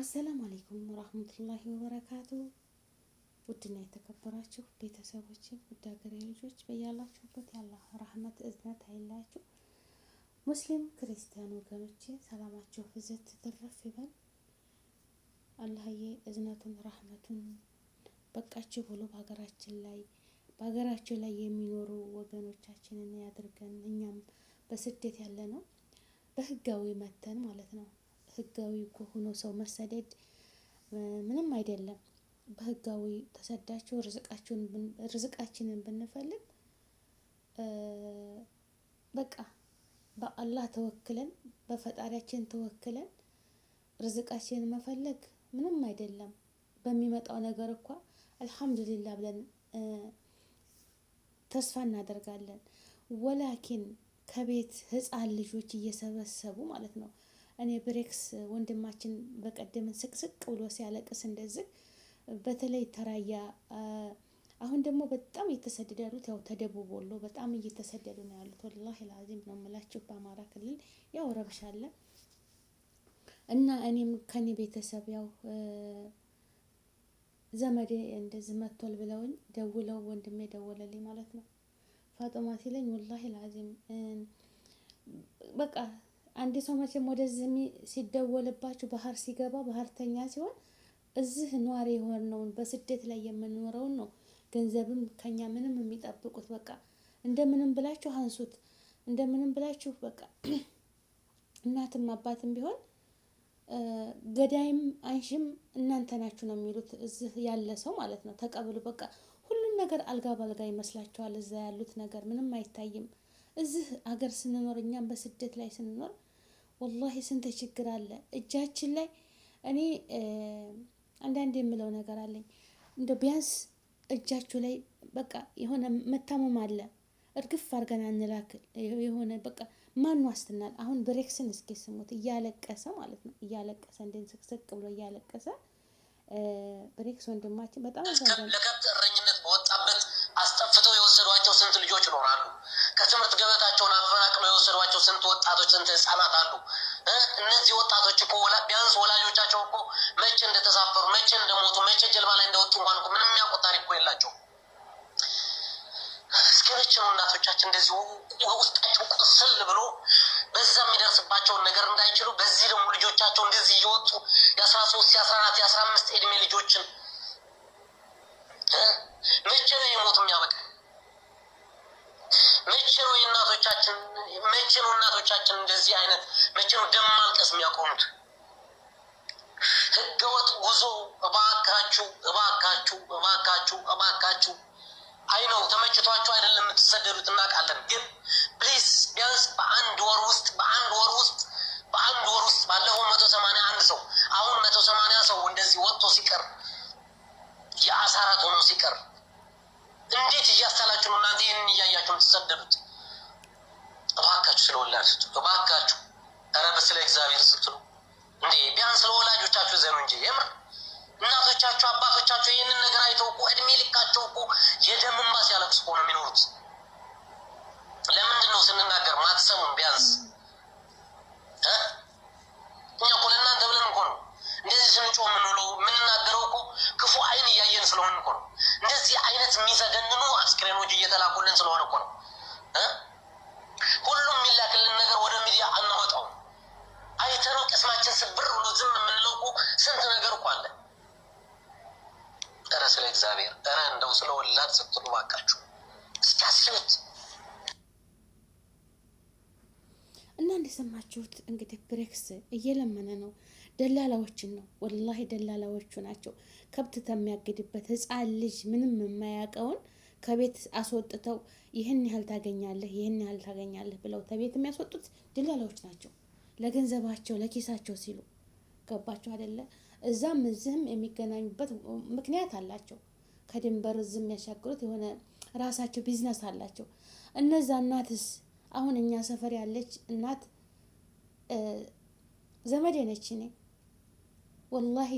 አሰላሙ አሌይኩም ወራህመቱላሂ ወበረካቱ። ውድና የተከበራችሁ ቤተሰቦች፣ ውድ ሀገሬ ልጆች በያላችሁበት ያለ ረህመት እዝነት አይለያችሁ። ሙስሊም ክርስቲያን ወገኖቼ ሰላማችሁ ብዝት ትርፍ ይበል። አላህዬ እዝነቱን ረህመቱን በቃችሁ ብሎ በሀገራችን ላይ በሀገራችን ላይ የሚኖሩ ወገኖቻችንን ያድርገን። እኛም በስደት ያለ ነው በህጋዊ መተን ማለት ነው ህጋዊ ሆኖ ሰው መሰደድ ምንም አይደለም። በህጋዊ ተሰዳችሁ ርዝቃችንን ብንፈልግ በቃ በአላህ ተወክለን በፈጣሪያችን ተወክለን ርዝቃችንን መፈለግ ምንም አይደለም። በሚመጣው ነገር እኳ አልሐምዱሊላህ ብለን ተስፋ እናደርጋለን። ወላኪን ከቤት ህፃን ልጆች እየሰበሰቡ ማለት ነው እኔ ብሬክስ ወንድማችን በቀደምን ስቅስቅ ብሎ ሲያለቅስ እንደዚህ በተለይ ተራያ አሁን ደግሞ በጣም እየተሰደዱ ያሉት ያው ተደቡብ ወሎ በጣም እየተሰደዱ ነው ያሉት። ወላሂ ላዚም ነው የምላችሁ። በአማራ ክልል ያው ረብሻ አለ እና እኔም ከኔ ቤተሰብ ያው ዘመዴ እንደዚህ መጥቷል ብለውኝ ደውለው ወንድሜ ደወለልኝ ማለት ነው። ፋጦማ ሲለኝ ወላሂ ላዚም በቃ አንድ ሰው መቼም ወደዚህ ሲደወልባችሁ ባህር ሲገባ ባህርተኛ ሲሆን እዚህ ኗሪ የሆነውን በስደት ላይ የምንኖረውን ነው። ገንዘብም ከኛ ምንም የሚጠብቁት በቃ እንደምንም ብላችሁ አንሱት፣ እንደምንም ብላችሁ በቃ እናትም አባትም ቢሆን ገዳይም አንሽም እናንተ ናችሁ ነው የሚሉት። እዚህ ያለ ሰው ማለት ነው። ተቀብሉ በቃ ሁሉም ነገር አልጋ ባልጋ ይመስላችኋል። እዛ ያሉት ነገር ምንም አይታይም። እዚህ አገር ስንኖር እኛም በስደት ላይ ስንኖር ወላሂ ስንት ችግር አለ እጃችን ላይ። እኔ አንዳንድ የምለው ነገር አለኝ እንደ ቢያንስ እጃችሁ ላይ በቃ የሆነ መታመም አለ እርግፍ አድርገን አንላክ የሆነ በቃ ማን ዋስትናል? አሁን ብሬክስን እስኪ ስሙት፣ እያለቀሰ ማለት ነው እያለቀሰ እንደ ስቅስቅ ብሎ እያለቀሰ ብሬክስ ወንድማችን በጣም ለከብት እረኝነት በወጣበት አስጠፍተው የወሰዷቸው ስንት ልጆች ይኖራሉ። ከትምህርት ገበታቸውን አፈናቅለው የወሰዷቸው ስንት ወጣቶች ስንት ህጻናት አሉ። እነዚህ ወጣቶች እኮ ቢያንስ ወላጆቻቸው እኮ መቼ እንደተሳፈሩ መቼ እንደሞቱ መቼ ጀልባ ላይ እንደወጡ እንኳን እኮ ምንም ያውቁት ታሪክ እኮ የላቸው። እስከ መቼ ነው እናቶቻችን እንደዚህ ውስጣቸው ቁስል ብሎ በዛ የሚደርስባቸውን ነገር እንዳይችሉ በዚህ ደግሞ ልጆቻቸው እንደዚህ እየወጡ የአስራ ሶስት የአስራ አራት የአስራ አምስት ዕድሜ ልጆችን መቼ ነው የሞት የሚያበቃ? ነው እናቶቻችን እንደዚህ አይነት መቼ ነው ደም ማልቀስ የሚያቆሙት? ህገወጥ ጉዞ እባካችሁ፣ እባካችሁ፣ እባካችሁ፣ እባካችሁ አይ ነው ተመችቷችሁ አይደለም የምትሰደዱት እናውቃለን። ግን ፕሊስ ቢያንስ በአንድ ወር ውስጥ በአንድ ወር ውስጥ በአንድ ወር ውስጥ ባለፈው መቶ ሰማንያ አንድ ሰው አሁን መቶ ሰማንያ ሰው እንደዚህ ወጥቶ ሲቀር የአሳራት ሆኖ ሲቀር እንዴት እያስተላችሁ ነው እናንተ ይህንን እያያችሁ የምትሰደዱት? እባካችሁ ስለ ወላጅ ስትሉ እባካችሁ፣ ስለ እግዚአብሔር ስትሉ እንዴ ቢያንስ ለወላጆቻችሁ ዘኑ እንጂ የምር እናቶቻችሁ አባቶቻችሁ ይህንን ነገር አይተው እኮ እድሜ ልካቸው እኮ የደም እንባ ሲያለቅሱ እኮ ነው የሚኖሩት። ለምንድን ነው ስንናገር ማትሰሙን? ቢያንስ እኛ እኮ ለእናንተ ብለን እኮ ነው እንደዚህ ስንጮ የምንውለው የምንናገረው እኮ ክፉ አይን እያየን ስለሆን እኮ ነው። እንደዚህ አይነት የሚዘገንኑ አስክሬኖች እየተላኩልን ስለሆነ እኮ ነው። የሚላክልን ነገር ወደ ሚዲያ አናወጣው። አይተነው ቅስማችን ስብር ብሎ ዝም የምንለው ስንት ነገር እኮ አለ። ረ ስለ እግዚአብሔር ረ እንደው ስለ ወላድ ስትሉ ባካችሁ እስኪ እና እንደሰማችሁት እንግዲህ ብሬክስ እየለመነ ነው። ደላላዎችን ነው ወላሂ፣ ደላላዎቹ ናቸው ከብት ከሚያግድበት ህፃን ልጅ ምንም የማያውቀውን ከቤት አስወጥተው ይህን ያህል ታገኛለህ፣ ይህን ያህል ታገኛለህ ብለው ከቤት የሚያስወጡት ድላላዎች ናቸው። ለገንዘባቸው ለኪሳቸው ሲሉ ገባቸው አይደለ? እዛም እዚህም የሚገናኙበት ምክንያት አላቸው። ከድንበር እዚህ የሚያሻግሩት የሆነ ራሳቸው ቢዝነስ አላቸው። እነዛ እናትስ አሁን እኛ ሰፈር ያለች እናት ዘመዴ ነች። እኔ ወላሂ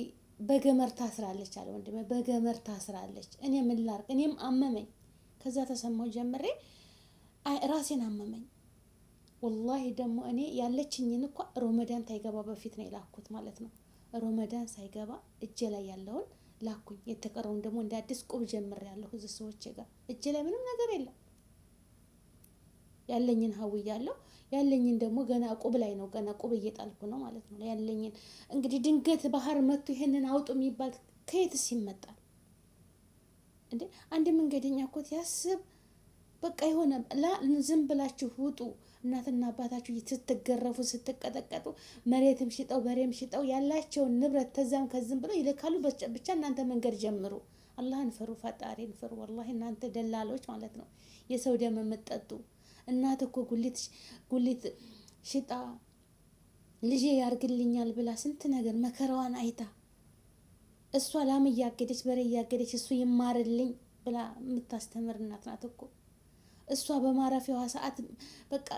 በገመር ታስራለች አለ ወንድሜ፣ በገመር ታስራለች። እኔ ምን እኔም አመመኝ። ከዛ ተሰማው ጀምሬ ራሴን አመመኝ። ወላሂ ደግሞ እኔ ያለችኝን እኳ ሮመዳን ታይገባ በፊት ነው የላኩት ማለት ነው። ሮመዳን ሳይገባ እጄ ላይ ያለውን ላኩኝ። የተቀረውን ደግሞ እንደ አዲስ ቁብ ጀምር ያለሁ እዚህ ሰዎች ጋር እጄ ላይ ምንም ነገር የለም። ያለኝን ሀውያለሁ ያለኝን ደግሞ ገና ቁብ ላይ ነው ገና ቁብ እየጣልኩ ነው ማለት ነው። ያለኝን እንግዲህ ድንገት ባህር መጥቶ ይህንን አውጡ የሚባል ከየትስ ይመጣል? እንዴ አንድ መንገደኛ እኮ ያስብ በቃ የሆነ ዝም ብላችሁ ውጡ። እናትና አባታችሁ ስትገረፉ ስትቀጠቀጡ፣ መሬትም ሽጠው በሬም ሽጠው ያላቸውን ንብረት ተዛም ከዝም ብለው ይልካሉ። ብቻ እናንተ መንገድ ጀምሩ። አላህን ፍሩ፣ ፈጣሪን ፍሩ። ወላሂ እናንተ ደላሎች ማለት ነው፣ የሰው ደም የምትጠጡ እናት እኮ ጉሊት ጉሊት ሽጣ ልጄ ያርግልኛል ብላ ስንት ነገር መከራዋን አይታ እሷ ላም እያገደች በሬ እያገደች እሱ ይማርልኝ ብላ የምታስተምር እናት ናት እኮ እሷ። በማረፊያዋ ሰዓት በቃ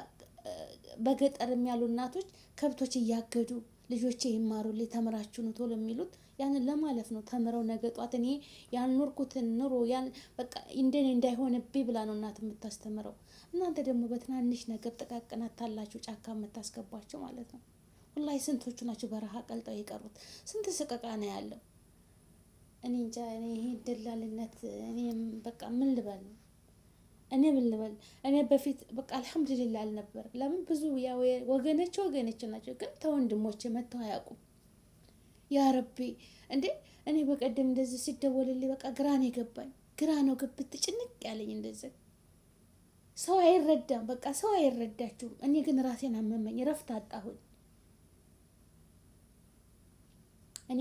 በገጠርም ያሉ እናቶች ከብቶች እያገዱ ልጆቼ ይማሩልኝ ተምራችሁ ነው ቶሎ የሚሉት ያንን ለማለፍ ነው። ተምረው ነገ ጧት እኔ ያኖርኩትን ኑሮ በቃ እንደኔ እንዳይሆንብኝ ብላ ነው እናት የምታስተምረው። እናንተ ደግሞ በትናንሽ ነገር ጥቃቅናት ታላችሁ ጫካ የምታስገቧቸው ማለት ነው። ሁላይ ስንቶቹ ናቸው በረሃ ቀልጠው የቀሩት? ስንት ስቀቃ ነው ያለው? እኔ እንጃ እኔ ይሄ ደላልነት እኔ በቃ ምን ልበል እኔ ምን ልበል እኔ በፊት በቃ አልሐምዱሊላ አልነበር። ለምን ብዙ ያው ወገኖች ወገኖች ናቸው፣ ግን ተወንድሞች መተው አያውቁም። ያ ረቢ እንዴ እኔ በቀደም እንደዚህ ሲደወልልኝ በቃ ግራ ነው የገባኝ፣ ግራ ነው ግብት ጭንቅ ያለኝ እንደዚህ ሰው አይረዳም። በቃ ሰው አይረዳችሁም። እኔ ግን ራሴን አመመኝ፣ ረፍት አጣሁኝ እኔ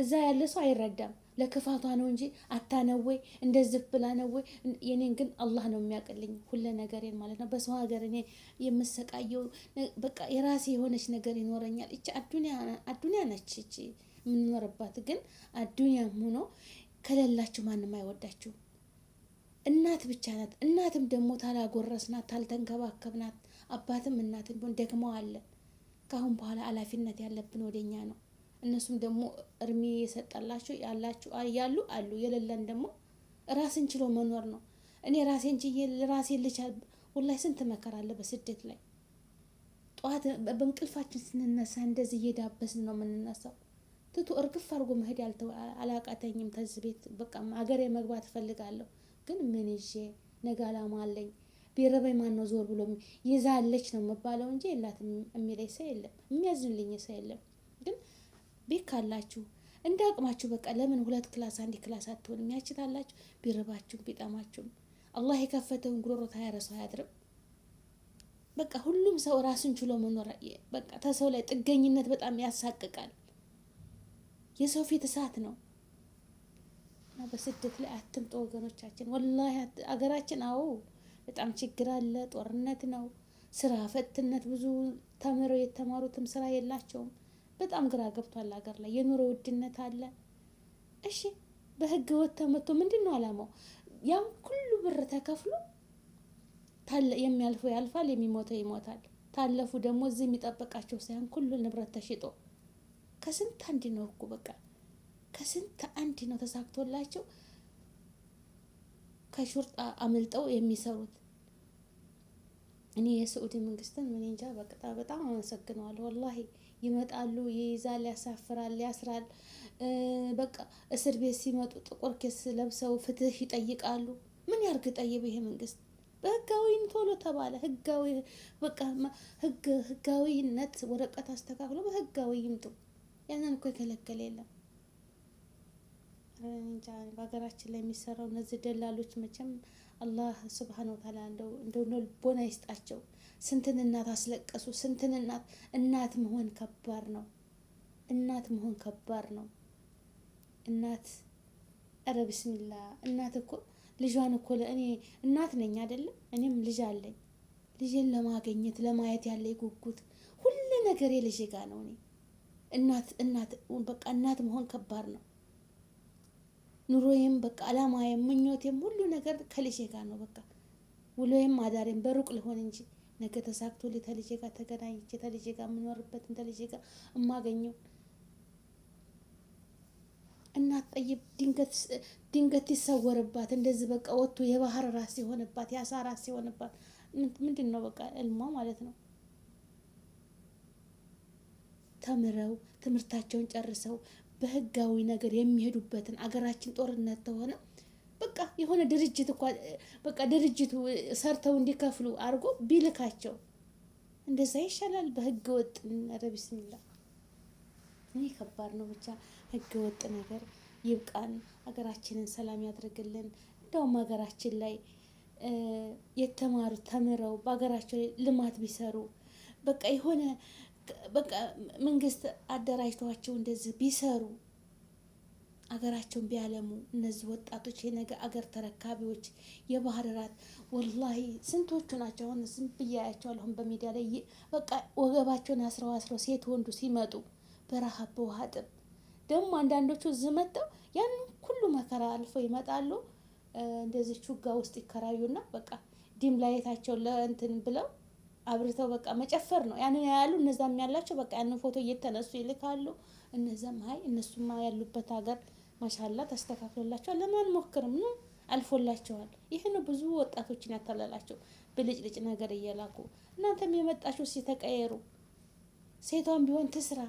እዛ ያለ ሰው አይረዳም። ለክፋቷ ነው እንጂ አታነወይ እንደዚህ ብላ ነወይ። የኔን ግን አላህ ነው የሚያውቅልኝ ሁለ ነገሬን ማለት ነው። በሰው ሀገር እኔ የምሰቃየው በቃ የራሴ የሆነች ነገር ይኖረኛል። እቺ አዱኒያ ነች እቺ የምንኖርባት። ግን አዱኒያም ሆኖ ከሌላችሁ ማንም አይወዳችሁ። እናት ብቻ ናት። እናትም ደግሞ ታላጎረስናት፣ ታልተንከባከብናት አባትም እናትም ቢሆን አለ ከአሁን በኋላ ኃላፊነት ያለብን ወደኛ ነው። እነሱም ደግሞ እርሜ የሰጠላቸው ያላችሁ ያሉ አሉ። የሌለን ደግሞ ራስን ችሎ መኖር ነው። እኔ ራሴን ችዬ ራሴን ልቻል። ወላሂ ስንት መከራ አለ በስደት ላይ። ጠዋት በእንቅልፋችን ስንነሳ እንደዚህ እየዳበስን ነው የምንነሳው። ትቶ እርግፍ አድርጎ መሄድ አላቃተኝም። ተዝ ቤት በቃ አገሬ መግባት እፈልጋለሁ፣ ግን ምን ይዤ ነገ አላማ አለኝ። ቢረበኝ ማን ነው ዞር ብሎ ይዛለች ነው የምባለው እንጂ የላትም የሚለኝ ሰው የለም፣ የሚያዝንልኝ ሰው የለም ግን ቤት ካላችሁ እንደ አቅማችሁ በቃ ለምን ሁለት ክላስ አንድ ክላስ አትሆን የሚያችታላችሁ ቢርባችሁም ቢጠማችሁም አላህ የከፈተውን ጉሮሮት ያረሰ አያድርም። በቃ ሁሉም ሰው ራሱን ችሎ መኖር በቃ ተሰው ላይ ጥገኝነት በጣም ያሳቅቃል። የሰው ፊት እሳት ነው እና በስደት ላይ አትምጦ ወገኖቻችን። ወላሂ አገራችን አዎ በጣም ችግር አለ፣ ጦርነት ነው፣ ስራ ፈትነት ብዙ ተምረው የተማሩትም ስራ የላቸውም። በጣም ግራ ገብቷል። ሀገር ላይ የኑሮ ውድነት አለ። እሺ በህገ ወጥ ተመቶ ምንድን ነው አላማው? ያም ሁሉ ብር ተከፍሎ የሚያልፈው ያልፋል፣ የሚሞተው ይሞታል። ታለፉ ደግሞ እዚህ የሚጠበቃቸው ሳይሆን ሁሉ ንብረት ተሽጦ ከስንት አንድ ነው እኮ በቃ ከስንት አንድ ነው ተሳክቶላቸው ከሹርጣ አምልጠው የሚሰሩት። እኔ የስዑዲ መንግስትን ምን እንጃ በቅጣ በጣም አመሰግነዋለሁ ወላሂ። ይመጣሉ፣ ይይዛል፣ ያሳፍራል፣ ያስራል። በቃ እስር ቤት ሲመጡ ጥቁር ኬስ ለብሰው ፍትህ ይጠይቃሉ። ምን ያርግ ጠይብ ይሄ መንግስት በህጋዊ ቶሎ ተባለ ህጋዊ በቃ ህጋዊነት ወረቀት አስተካክሎ በህጋዊ ይምጡ። ያንን እኮ የከለከለ የለም። እንጃ በሀገራችን ላይ የሚሰራው እነዚህ ደላሎች መቼም አላህ ስብሓን ወታላ እንደው እንደው ልቦና ይስጣቸው። ስንትን እናት አስለቀሱ። ስንትን እናት እናት መሆን ከባድ ነው። እናት መሆን ከባድ ነው። እናት ኧረ ብስሚላ እናት እኮ ልጇን እኮ እኔ እናት ነኝ አይደለም እኔም ልጅ አለኝ። ልጅን ለማገኘት ለማየት ያለ ጉጉት ሁሉ ነገር የልጅ ጋ ነው። እኔ እናት እናት በቃ እናት መሆን ከባድ ነው። ኑሮዬም በቃ አላማዬም ምኞቴም ሁሉ ነገር ከልጄ ጋር ነው። በቃ ውሎዬም አዳሬም በሩቅ ልሆን እንጂ ነገ ተሳክቶ ተልጄ ጋር ተገናኝቼ ተልጄ ጋር የምኖርበትን ተልጄ ጋር የማገኘው እናት ጠይብ ድንገት ይሰወርባት እንደዚህ በቃ ወጥቶ የባህር ራስ ሲሆንባት የአሳ ራስ የሆነባት ምንድን ነው በቃ እልሟ ማለት ነው። ተምረው ትምህርታቸውን ጨርሰው በህጋዊ ነገር የሚሄዱበትን አገራችን ጦርነት ተሆነ በቃ የሆነ ድርጅት እኳ በቃ ድርጅቱ ሰርተው እንዲከፍሉ አድርጎ ቢልካቸው እንደዛ ይሻላል። በህገ ወጥ ኧረ ቢስሚላ እኔ ከባድ ነው። ብቻ ህገ ወጥ ነገር ይብቃን፣ ሀገራችንን ሰላም ያድርግልን። እንደውም ሀገራችን ላይ የተማሩ ተምረው በሀገራቸው ላይ ልማት ቢሰሩ በቃ የሆነ በቃ መንግስት አደራጅተዋቸው እንደዚህ ቢሰሩ አገራቸውን ቢያለሙ እነዚህ ወጣቶች የነገ አገር ተረካቢዎች የባህር ራት ወላሂ ስንቶቹ ናቸው። አሁን ዝም አሁን በሚዲያ ላይ በቃ ወገባቸውን አስረው አስረው ሴት ወንዱ ሲመጡ በረሃብ በውሃ ጥም ደግሞ አንዳንዶቹ እዚህ መጥተው ያን ሁሉ መከራ አልፈው ይመጣሉ። እንደዚህ ቹጋ ውስጥ ይከራዩና በቃ ዲም ላይታቸው ለእንትን ብለው አብርተው በቃ መጨፈር ነው። ያንን ያሉ እነዛም ያላቸው በቃ ያንን ፎቶ እየተነሱ ይልካሉ። እነዛም አይ እነሱማ ያሉበት ሀገር ማሻላ ተስተካክሎላቸዋል፣ ለምን አንሞክርም ነው አልፎላቸዋል። ይህን ብዙ ወጣቶችን ያታለላቸው ብልጭልጭ ነገር እየላኩ እናንተም የመጣችሁ ሲተቀየሩ ሴቷም ሴቷን ቢሆን ትስራ።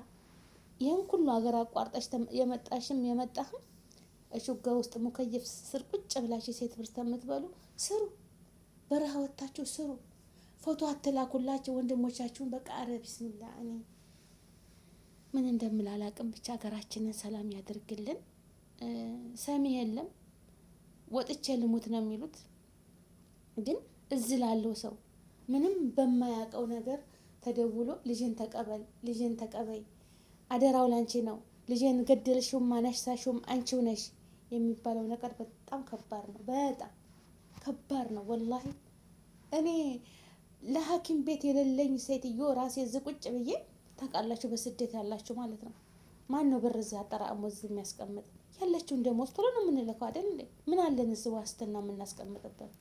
ይህን ሁሉ ሀገር አቋርጠሽ የመጣሽም የመጣህም እሹጋ ውስጥ ሙከየፍ ስር ቁጭ ብላችሁ ሴት ብር ተምትበሉ ስሩ፣ በረሃ ወጥታችሁ ስሩ። ፎቶ አትላኩላቸው ወንድሞቻችሁን። በቃ ኧረ ቢስሚላ እኔ ምን እንደምል አላቅም። ብቻ ሀገራችንን ሰላም ያደርግልን። ሰሚ የለም ወጥቼ ልሙት ነው የሚሉት። ግን እዚህ ላለው ሰው ምንም በማያውቀው ነገር ተደውሎ ልጅን ተቀበል፣ ልጅን ተቀበይ፣ አደራው ላንቺ ነው፣ ልጅን ገደልሽውም አነሳሽውም አንቺው ነሽ የሚባለው ነገር በጣም ከባድ ነው። በጣም ከባድ ነው ወላሂ እኔ ለሐኪም ቤት የሌለኝ ሴትዮ ራሴ እዚህ ቁጭ ብዬ ታውቃላችሁ፣ በስደት ያላችሁ ማለት ነው። ማን ነው ብር እዚህ አጠራቅሞ እዚህ የሚያስቀምጥ? ያለችውን ደሞዝ ቶሎ ነው የምንልከው አይደል እንዴ? ምን አለን እዚህ ዋስትና የምናስቀምጥበት?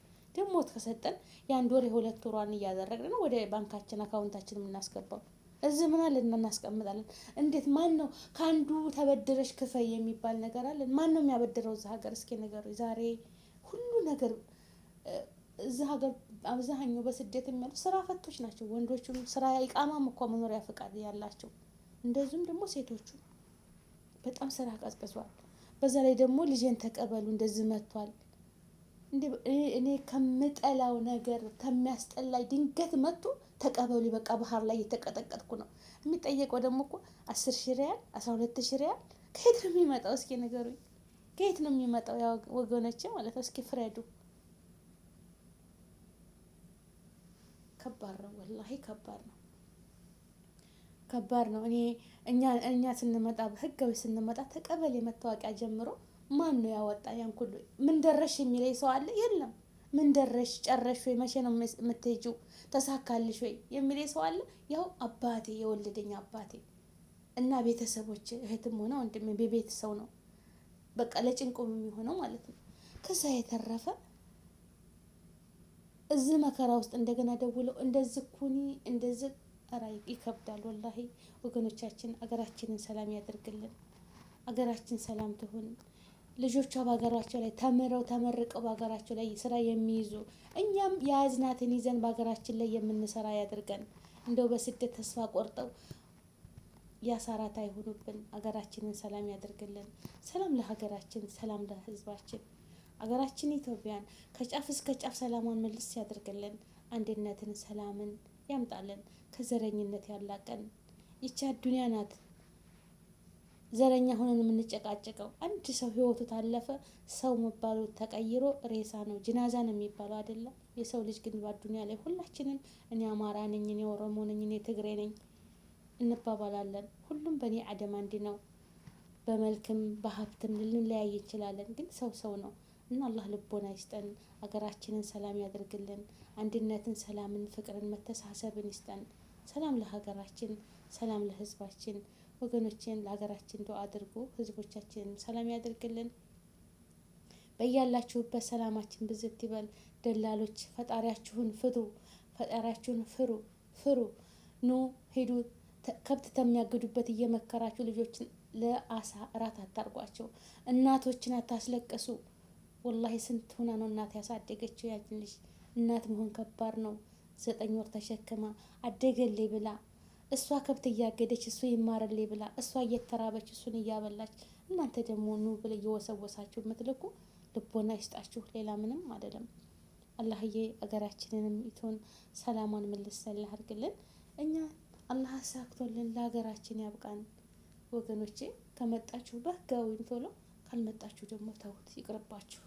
ሞት ከሰጠን የአንድ ወር የሁለት ወሯን እያደረግን ነው ወደ ባንካችን አካውንታችን የምናስገባው። እዚህ ምን አለን እናስቀምጣለን? እንዴት ማን ነው ከአንዱ ተበድረሽ ክፈይ የሚባል ነገር አለን? ማን ነው የሚያበድረው እዚህ ሀገር? እስኪ ነገሩ ዛሬ ሁሉ ነገር እዚህ ሀገር አብዛኛው በስደት የሚያሉ ስራ ፈቶች ናቸው። ወንዶቹም ስራ ይቃማም እኮ መኖሪያ ፈቃድ ያላቸው እንደዚሁም ደግሞ ሴቶቹ በጣም ስራ ቀዝቅዟል። በዛ ላይ ደግሞ ልጄን ተቀበሉ እንደዚህ መጥቷል። እኔ ከምጠላው ነገር ከሚያስጠላኝ ድንገት መጥቶ ተቀበሉ በቃ ባህር ላይ እየተቀጠቀጥኩ ነው። የሚጠየቀው ደግሞ እኮ አስር ሺ ሪያል አስራ ሁለት ሺ ሪያል ከየት ነው የሚመጣው? እስኪ ንገሩኝ፣ ከየት ነው የሚመጣው? ያ ወገኖቼ ማለት ነው። እስኪ ፍረዱ። ከባድ ነው፣ ወላሂ ከባድ ነው፣ ከባድ ነው። እኔ እኛ እኛ ስንመጣ ህጋዊ ስንመጣ ተቀበሌ መታወቂያ ጀምሮ ማን ነው ያወጣ ያን ሁሉ? ምን ደረሽ የሚለኝ ሰው አለ? የለም። ምን ደረሽ ጨረሽ ወይ መቼ ነው የምትሄጂው ተሳካልሽ ወይ የሚለኝ ሰው አለ? ያው አባቴ የወለደኝ አባቴ እና ቤተሰቦች እህትም ሆነ ወንድም ቤተሰብ ነው በቃ ለጭንቁም የሚሆነው ማለት ነው። ከዛ የተረፈ እዚህ መከራ ውስጥ እንደገና ደውለው እንደዚህ ኩኒ እንደዚህ ጠራ ይከብዳል። ወላሂ ወገኖቻችን፣ አገራችንን ሰላም ያደርግልን፣ አገራችን ሰላም ትሁን። ልጆቿ በሀገራቸው ላይ ተምረው ተመርቀው በሀገራቸው ላይ ስራ የሚይዙ እኛም የያዝናትን ይዘን በሀገራችን ላይ የምንሰራ ያደርገን። እንደው በስደት ተስፋ ቆርጠው ያሳራት አይሆኑብን። አገራችንን ሰላም ያደርግልን። ሰላም ለሀገራችን፣ ሰላም ለህዝባችን። አገራችን ኢትዮጵያን ከጫፍ እስከ ጫፍ ሰላሟን መልስ ያደርግልን፣ አንድነትን፣ ሰላምን ያምጣልን፣ ከዘረኝነት ያላቀን። ይቺ አዱኒያ ናት ዘረኛ ሆነን የምንጨቃጨቀው። አንድ ሰው ህይወቱ ታለፈ ሰው መባሉ ተቀይሮ ሬሳ ነው ጅናዛ ነው የሚባለው አይደለም። የሰው ልጅ ግን በአዱኒያ ላይ ሁላችንም እኔ አማራ ነኝ፣ እኔ ኦሮሞ ነኝ፣ እኔ ትግሬ ነኝ እንባባላለን። ሁሉም በእኔ አደም አንድ ነው። በመልክም በሀብትም ልንለያይ እንችላለን፣ ግን ሰው ሰው ነው። እና አላህ ልቦና ይስጠን። ሀገራችንን ሰላም ያደርግልን። አንድነትን፣ ሰላምን፣ ፍቅርን፣ መተሳሰብን ይስጠን። ሰላም ለሀገራችን፣ ሰላም ለህዝባችን። ወገኖችን ለሀገራችን ዱዓ አድርጉ። ህዝቦቻችንን ሰላም ያደርግልን። በያላችሁበት ሰላማችን ብዝት ይበል። ደላሎች ፈጣሪያችሁን ፍሩ፣ ፈጣሪያችሁን ፍሩ፣ ፍሩ። ኑ ሂዱ፣ ከብት ተሚያግዱበት እየመከራችሁ ልጆችን ለአሳ እራት አታርጓቸው። እናቶችን አታስለቅሱ። ወላሂ ስንት ሁና ነው እናት ያሳደገችው ያችን ልጅ። እናት መሆን ከባድ ነው። ዘጠኝ ወር ተሸክማ አደገሌ ብላ እሷ ከብት እያገደች እሱ ይማርልኝ ብላ እሷ እየተራበች እሱን እያበላች እናንተ ደግሞ ኑ ብለ እየወሰወሳችሁ የምትልኩ ልቦና ይስጣችሁ። ሌላ ምንም አይደለም። አላህዬ አገራችንንም ኢትዮን ሰላሟን ምልስ ያላርግልን። እኛ አላህ አሳክቶልን ለሀገራችን ያብቃን። ወገኖቼ ከመጣችሁ በህጋዊን ቶሎ ካልመጣችሁ ደግሞ ተውት፣ ይቅርባችሁ።